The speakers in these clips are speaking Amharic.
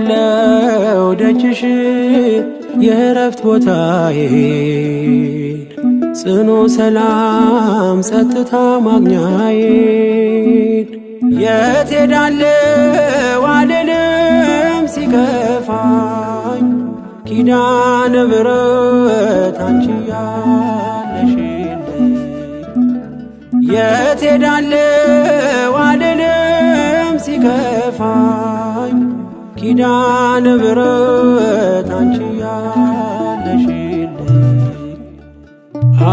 አለው ደጅሽ የእረፍት ቦታዬ ጽኑ ሰላም ጸጥታ ማግኛዬ የት ሄዳለው አልልም ሲከፋኝ ኪዳነ ምሕረት አንቺ ያለሽልኝ የት ሄዳለው አልልም ሲከፋኝ ኪዳነ ምሕረት አንቺ ያለሽልኝ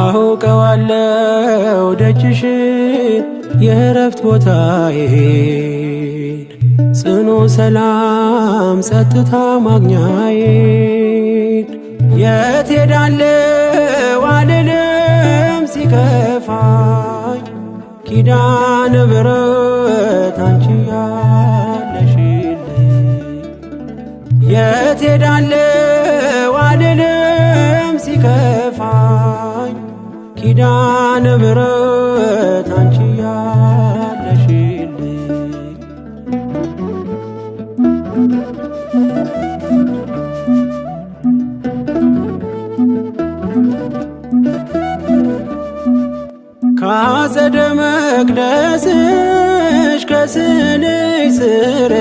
አውቀዋለሁ ደጅሽን የእረፍት ቦታዬን ጽኑ ሰላም ጸጥታ ማግኛዬን የት ሄዳለሁ አልልም ሲከፋኝ ኪዳነ ምሕረት አንቺ የት ሄዳለሁ አልልም ሲከፋኝ ኪዳነ ምሕረት አንቺ ያለሽልኝ ካጸደ መቅደስሽ ከስንሽ ስር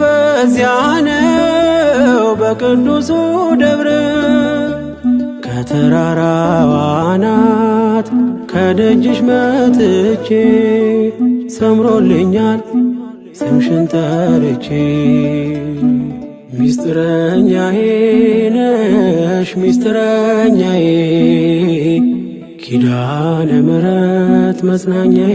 በዚያ ነው በቅዱሱ ደብረ ከተራራዋ ናት ከደጅሽ መጥቼ ሰምሮልኛል ስምሽን ጠርቼ ሚስጥረኛዬ ነሽ ሚስጥረኛዬ ኪዳነ ምሕረት መጽናኛዬ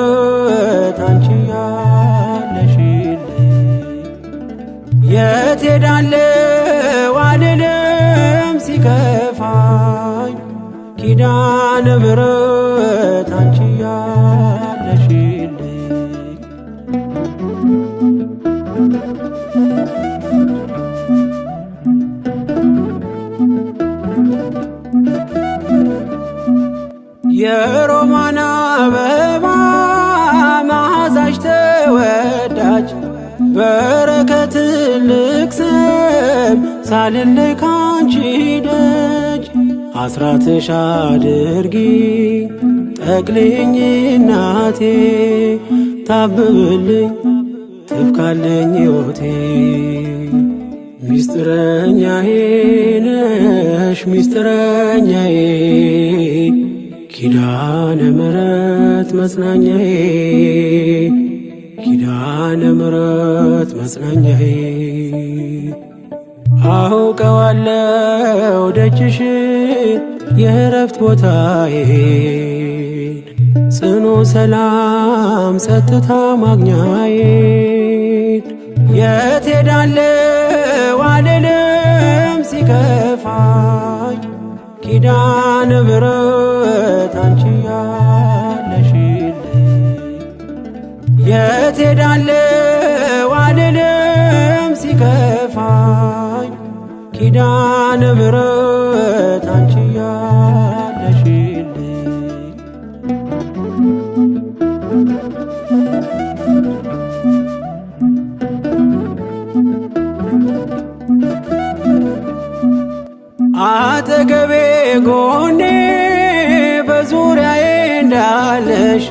የት ዋልልም አልልም ሲከፋኝ ኪዳነ ምሕረት አንቺ ያለሽልኝ የሮማና ሳልለይ ካንቺ ደጅ አስራትሽ አድርጊ ጠቅልኝ እናቴ ታብብልኝ ትብካልኝ ወቴ ሚስጥረኛዬ ነሽ ሚስጥረኛዬ ኪዳነ ምሕረት መጽናኛዬ ኪዳነ ምሕረት መጽናኛዬ አውቀዋለው ደጅሽን የእረፍት ቦታዬን ጽኑ ሰላም ጸጥታ ማግኛዬን የት ሄዳለው አልልም ሲከፋኝ ኪዳነ ምሕረት አንቺ ያለሽልኝ የት ሄዳለው አልልም ሲከፋኝ ኪዳነ ምሕረት አንቺ ያለሽልኝ አጠገቤ ጎኔ በዙሪያዬ እንዳለሽ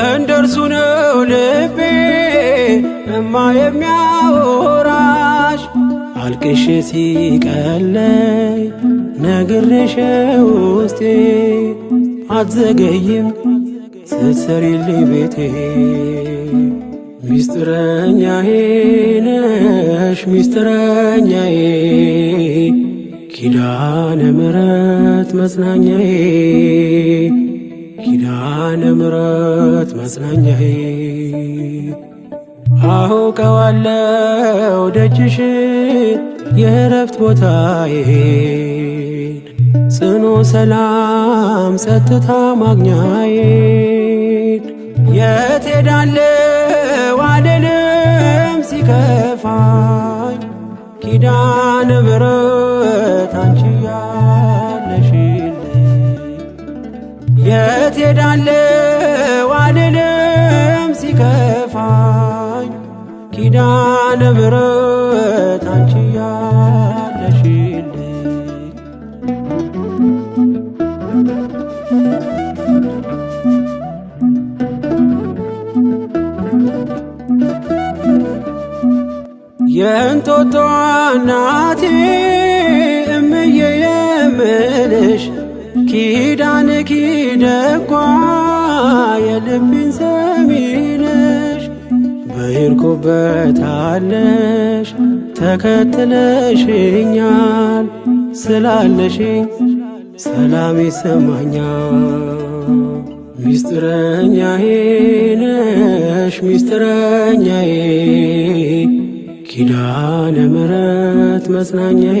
እንደርሱ ነው ልቤ እማ የሚያወ አልቅሽ ሲቀለይ ነግሬሽ ውስጤ አትዘገይም ስትሰሪልኝ ቤቴ ሚስጥረኛዬ ነሽ ሚስጥረኛዬ ኪዳነ ምሕረት መጽናኛዬ ኪዳነ ምሕረት መጽናኛዬ አውቀዋለሁ ደጅሽ የእረፍት ቦታዬን ጽኑ ሰላም ጸጥታ ማግኛዬን የት ሄዳለሁ አልልም ሲከፋኝ ኪዳነ ምሕረት አንቺ ያለሽልኝ የት ሄዳለሁ አልልም ሲከፋኝ ኪዳነ ምሕረት ኪዳን ኪደኳ የልቤን ሰሚነሽ ነሽ ተከትለሽኛል ስላለሽኝ ሰላም ይሰማኛል። ሚስጥረኛዬ ነሽ ሚስጥረኛዬ ኪዳነ ምሕረት መጽናኛዬ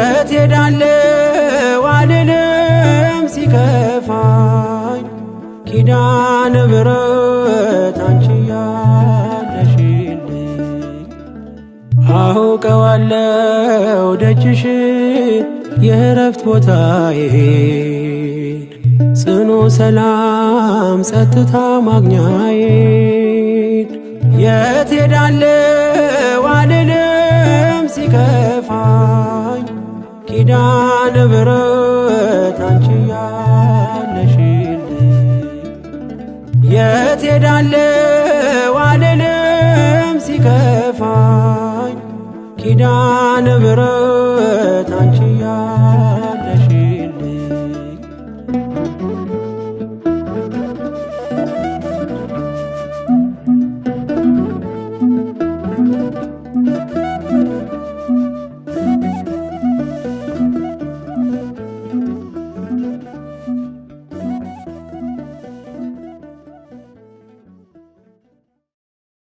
የት ሄዳለሁ አልልም ሲከፋኝ ኪዳነ ምሕረት አንቺ ያለሽልኝ አውቀዋለሁ ደጅሽን የእረፍት ቦታዬን ጽኑ ሰላም ጸጥታ ማግኛዬን የት ሄዳለሁ አልልም ሲከፋ ኪዳነ ምሕረት አንቺ ያለሽልኝ የት ሄዳለሁ አልልም ሲከፋኝ ኪዳነ ምሕረት